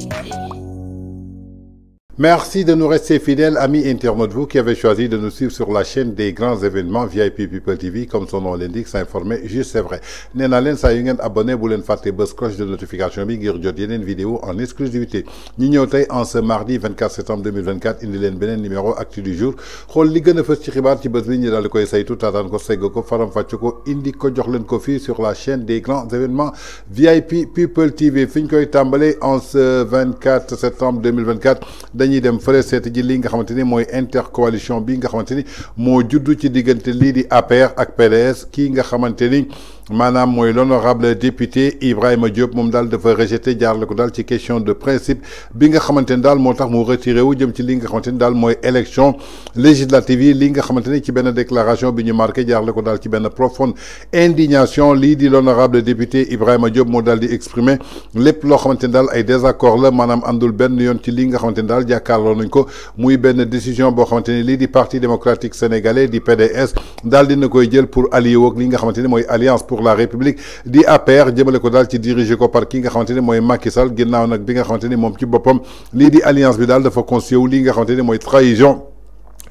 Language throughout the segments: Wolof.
Chicken. Merci de nous rester fidèles, amis internautes, vous qui avez choisi de nous suivre sur la chaîne des grands événements VIP People TV, comme son nom l'indique, s'informer juste c'est vrai. nee naa leen abonné bu leen fàtte bës cloche de notification bi ngir jot yeneen vidéo en exclusivité ñu en ce mardi 24 septembre 2024 indi leen numéro actu du jour xool li gën a fës ci xibaar ci bés bi ñu daal koy saytu ko segg ko faram-fàcce ko indi ko jox ko sur la chaîne des grands événements VIP People TV fi ñu koy en ce 24 septembre 2024. dañuy dem fële seet ji li nga xamante ni mooy intercoalition bi nga xamante ni moo juddu ci diggante lii di APR ak PDS kii nga xamante ni Madame Moy l'honorable député Ibrahima Diop moom daal dafa rejeter jaarale ko question de principe bi nga xamante ne daal moo retiré wu jëm ci li nga élection législative li nga bénit déclaration bi ñu marqué jaarale ko daal ci profonde indignation l'idi l'honorable député Ibrahima Diop moo daal di exprimer lépp loo xamante ay désaccord la Madame àndul Ben, yoon ci li nga xamante ni bénit décision boo xamante parti démocratique sénégalais di PDS Daldi dina pour allier woog li nga alliance pour la république di APR ko a ci dirigé ko par ki nga le qui alliance trahison.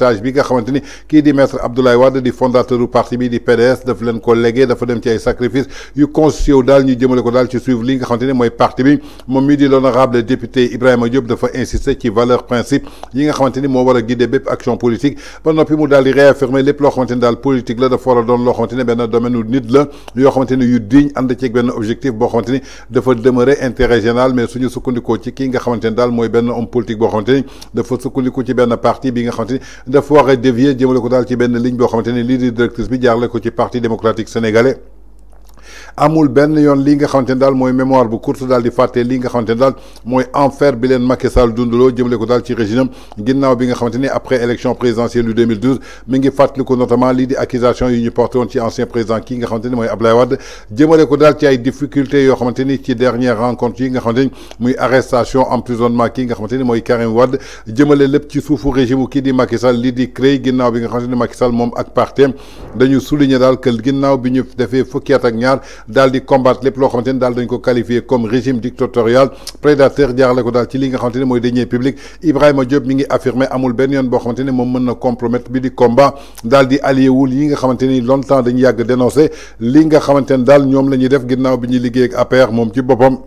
héritage bi nga xamante ni kii di maître Abdoulaye Wade di fondateur du parti bi di PDS daf leen ko légué dafa dem ci ay sacrifice yu constitué daal ñu jëmale ko daal ci suivre li nga xamante ni mooy parti bi moom mii di l'honorable député Ibrahima Diop dafa insister ci valeur principe yi nga xamante ni moo war a guider bépp action politique ba noppi mu daal di réaffirmer lépp loo xamante ni daal politique la dafa war a doon loo xamante ni benn domaine nit la yoo xamante ni yu digne ànd ci benn objectif boo xamante ni dafa demeurer intérêt général mais suñu sukkandikoo ci ki nga xamante ni daal mooy benn homme politique boo xamante ni dafa sukkandiku ci benn parti bi nga xamante ni daf war a dévier jëmale ko daal ci benn ligne boo xamante ni lii di directrice bi jaarale ko ci parti démocratique sénégalais. amul ben yon li nga xamante dal moy mémoire bu courte dal di faté li nga xamante dal moy enfer bi len Macky Sall dundaloo jëmale ko dal ci régime ginnaw bi nga xamante ni après élection présidentielle du 2012 mi ngi ko notamment li di accusation yi ñu porté woon ci ancien président ki nga xamante ni mooy Abdoulaye Wade jëmale ko dal ci ay difficultés yo xamante ni ci dernière rencontre yi nga xamante ni muy arrestation emprisonnement ki nga xamante ni mooy Karim Wade jëmale lepp ci suufu régime ki di Macky Sall li di CREI ginnaw bi nga xamante ni Macky Sall mom ak partem dañu souligner dal que ginnaw bi ñu défé fukki at ak ñaar dal di combattre lépp lo xamante dal dañ ko qualifier comme régime dictatorial prédateur diar ko dal ci li nga xamante moy mooy public Ibrahima Diop mi ngi affirmé amul ben yon bo xamante mom meuna compromettre bi di combat dal di allié wul yi nga xamante longtemps dañ yag dénoncer li nga xamante dal ñom lañuy def ginnaw bi ñuy liggéey ak APR mom ci bopam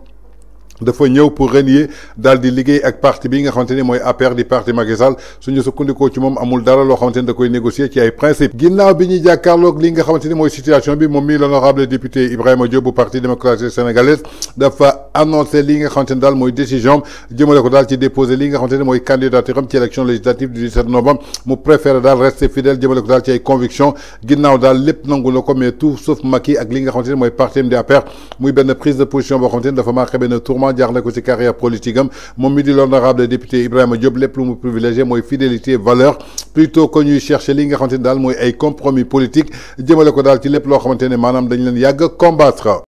dafa ñëw pour renier dal di liggéey ak parti bi nga xamante ni mooy APR di parti Macky Sall suñu sukkandikoo ci moom amul dara loo xamante ni da koy négocier ci ay principe ginnaaw bi ñuy jàkkaarloog li nga xamante ni mooy situation bi moom mii l'honorable député Ibrahima Diop bu parti démocratique sénégalais dafa annoncé li nga xamante ne daal mooy décision jëmale ko daal ci déposé li nga xamante ne mooy candidature am ci élection législative du 17 novembre mu préféré daal rester fidèle jëmale ko daal ci ay conviction ginnaaw daal lépp nangu la ko mais tout sauf Macky ak li nga xamante ne mooy parti am di APR muy benn prise de position boo xamante ne dafa marqué benn tourment jaarle ko ci carrière politique am moom mi di l'honorable député Ibrahima Diop lépp lu mu privilégié mooy fidélité valeur plutôt que ñuy chercher li nga xamante ne daal mooy ay compromis politique jëmale ko daal ci lépp loo xamante ne maanaam dañ leen yàgg combattre